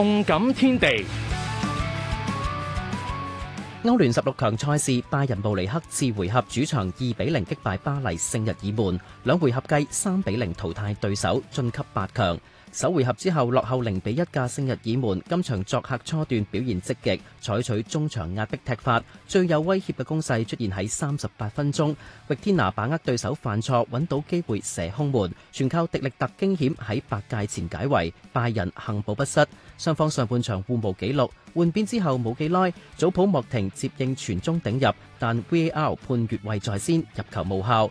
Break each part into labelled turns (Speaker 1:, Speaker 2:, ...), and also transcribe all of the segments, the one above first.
Speaker 1: 動感天地，歐聯十六強賽事，拜仁慕尼黑次回合主場二比零擊敗巴黎聖日耳門，兩回合計三比零淘汰對手，晉級八強。首回合之後落後零比一嘅聖日耳門，今場作客初段表現積極，採取中場壓逼踢法，最有威脅嘅攻勢出現喺三十八分鐘，域天拿把握對手犯錯揾到機會射空門，全靠迪力特驚險喺白界前解圍，拜仁幸保不失。雙方上半場互無紀錄，換邊之後冇幾耐，祖普莫廷接應傳中頂入，但 VAR 判越位在先，入球無效。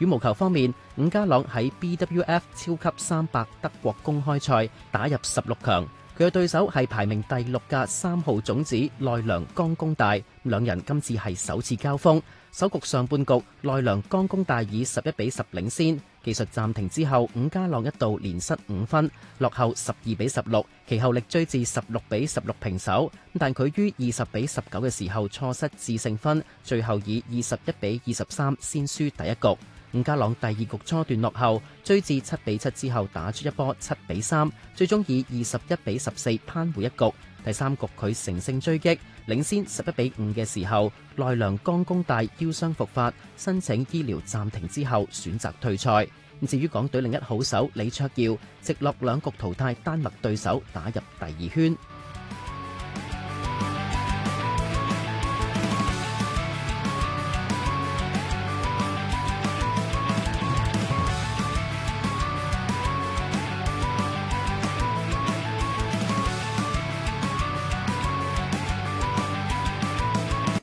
Speaker 1: 羽毛球方面，伍家朗喺 BWF 超級三百德國公開賽打入十六強，佢嘅對手係排名第六嘅三號種子奈良岡功大，兩人今次係首次交鋒。首局上半局，奈良岡功大以十一比十領先，技術暫停之後，伍家朗一度連失五分，落後十二比十六，其後力追至十六比十六平手，但佢於二十比十九嘅時候錯失致勝分，最後以二十一比二十三先輸第一局。伍家朗第二局初段落後，追至七比七之後打出一波七比三，最終以二十一比十四扳回一局。第三局佢乘勝追擊，領先十一比五嘅時候，奈良岡功大腰傷復發，申請醫療暫停之後選擇退賽。至於港隊另一好手李卓耀，直落兩局淘汰丹麥對手，打入第二圈。